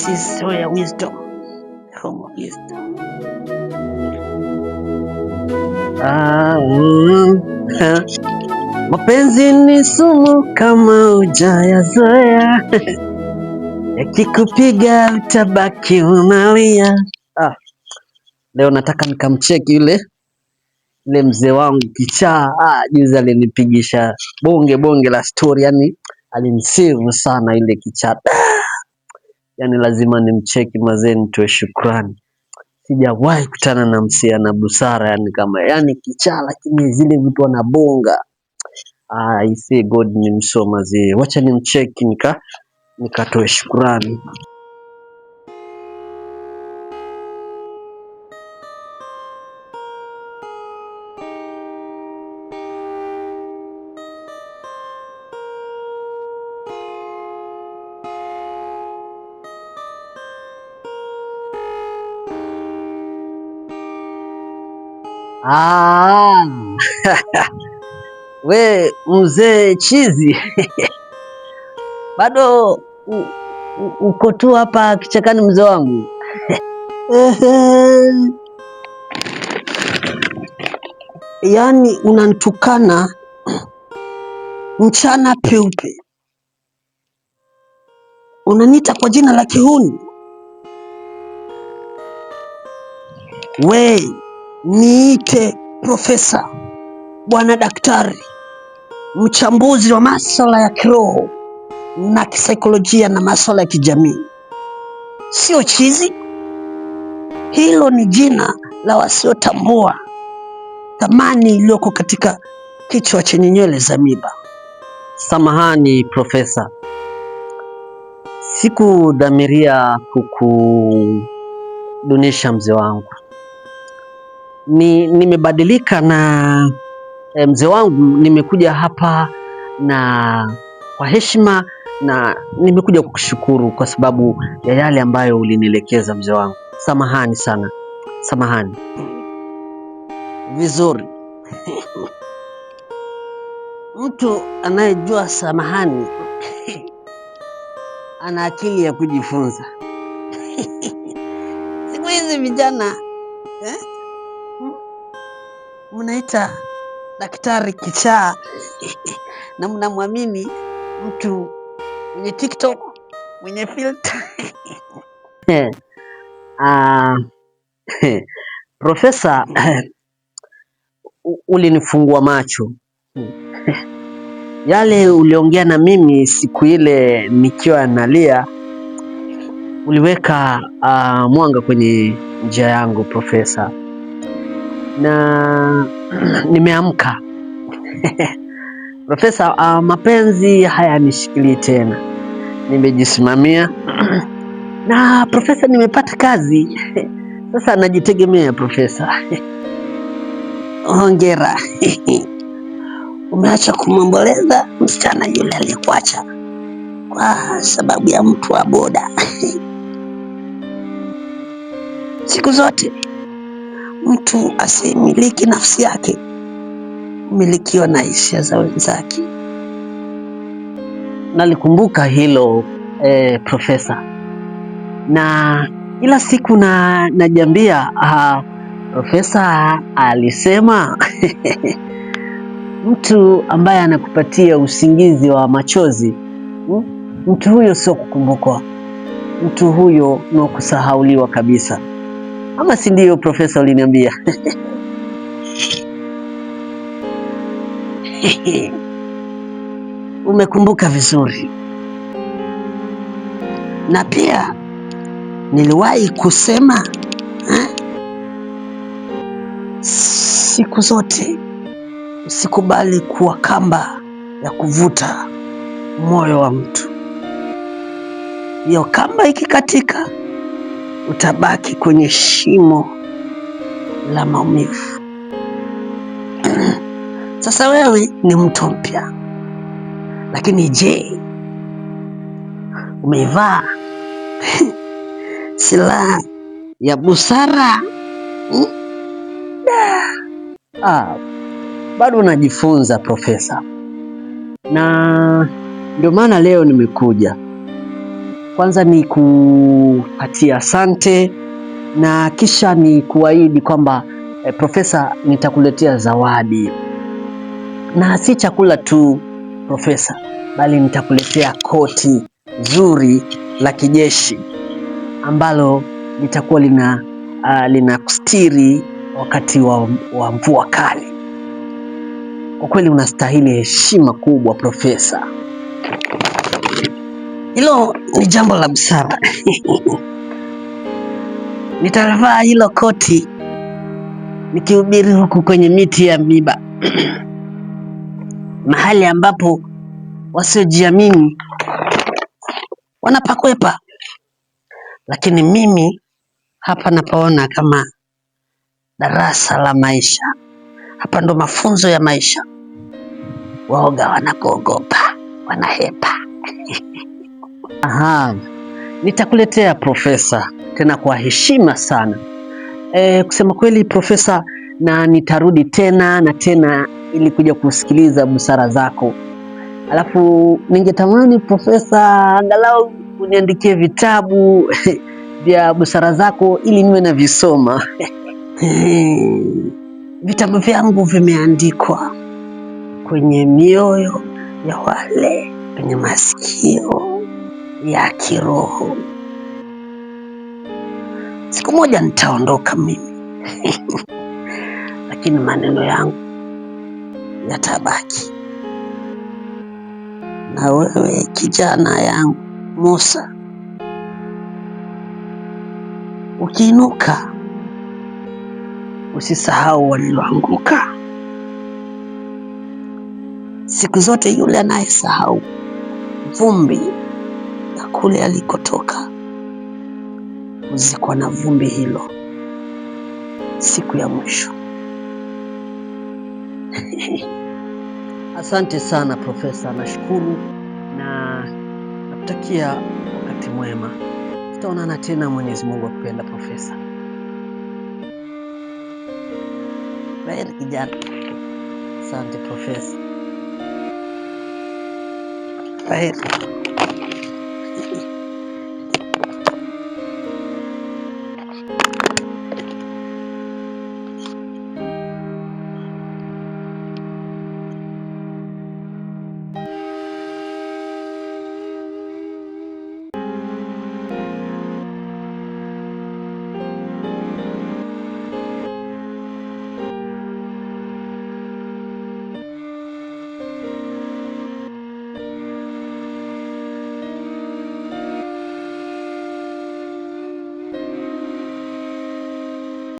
This is Royal Wisdom from Wisdom. Ah, mm. mapenzi ni sumu kama ujayazoea yakikupiga utabaki unalia. Ah, leo nataka nikamcheki yule yule mzee wangu kichaa. Ah, juzi alinipigisha bonge bonge la stori, yani alinisivu sana yule kichaa. Ah, yani lazima nimcheki mazee, nitoe shukrani. Sijawahi kutana na msia na busara yani kama yani kichaa, lakini zile vitu wanabonga. ah, ise God nimsoma zee, wacha nimcheki nika nikatoe shukrani. Ah. We mzee chizi bado uko tu hapa kichakani mzee wangu. Yaani unanitukana mchana peupe, unaniita kwa jina la kihuni wewe. Niite Profesa Bwana Daktari, mchambuzi wa masuala ya kiroho na kisaikolojia na masuala ya kijamii. Sio chizi, hilo ni jina la wasiotambua thamani iliyoko katika kichwa chenye nywele za miba. Samahani Profesa, sikudhamiria kukudunisha mzee wangu ni nimebadilika na e, mzee wangu, nimekuja hapa na kwa heshima na nimekuja kukushukuru kwa sababu ya yale ambayo ulinielekeza mzee wangu. Samahani sana, samahani. Vizuri. Mtu anayejua samahani ana akili ya kujifunza. Siku hizi vijana eh? mnaita daktari kichaa na mnamwamini mtu mwenye TikTok mwenye filter uh, Profesa ulinifungua macho yale uliongea na mimi siku ile nikiwa nalia, uliweka uh, mwanga kwenye njia yangu profesa na nimeamka Profesa, uh, mapenzi hayanishikilii tena, nimejisimamia na profesa, nimepata kazi sasa, najitegemea profesa. Hongera. Umeacha kumwomboleza msichana yule aliyekuacha kwa sababu ya mtu wa boda. Siku zote mtu asimiliki nafsi yake, umilikiwa na hisia za wenzake. Nalikumbuka hilo eh, profesa, na kila siku na najiambia ah, profesa alisema mtu ambaye anakupatia usingizi wa machozi hmm, mtu huyo sio kukumbukwa, mtu huyo ni kusahauliwa kabisa ama si ndio, profesa uliniambia? Umekumbuka vizuri, na pia niliwahi kusema eh, Siku zote usikubali kuwa kamba ya kuvuta moyo wa mtu. Hiyo kamba ikikatika utabaki kwenye shimo la maumivu. Sasa wewe ni mtu mpya, lakini je, umevaa silaha ya busara? Ah, bado unajifunza profesa, na ndio maana leo nimekuja kwanza ni kupatia asante na kisha ni kuahidi kwamba eh, profesa, nitakuletea zawadi na si chakula tu profesa, bali nitakuletea koti zuri la kijeshi ambalo litakuwa lina uh, lina kustiri wakati wa, wa mvua kali. Kwa kweli unastahili heshima kubwa profesa. Hilo ni jambo la busara. nitavaa hilo koti nikihubiri huku kwenye miti ya miba mahali ambapo wasiojiamini wanapakwepa, lakini mimi hapa napaona kama darasa la maisha. Hapa ndo mafunzo ya maisha. Waoga wanapoogopa wanahepa Aha, nitakuletea profesa tena kwa heshima sana. E, kusema kweli profesa, na nitarudi tena na tena ili kuja kusikiliza busara zako. Alafu ningetamani profesa, angalau uniandikie vitabu vya busara zako ili niwe navisoma. Vitabu vyangu vimeandikwa kwenye mioyo ya wale wenye masikio ya kiroho. Siku moja nitaondoka mimi lakini maneno yangu yatabaki. Na wewe kijana yangu Musa, ukiinuka usisahau walioanguka. Siku zote yule anayesahau vumbi kule alikotoka, kuzikwa na vumbi hilo siku ya mwisho. Asante sana Profesa, nashukuru na nakutakia wakati mwema. Tutaonana tena, Mwenyezi Mungu akupenda Profesa. Heri kijana. Asante Profesa. Heri.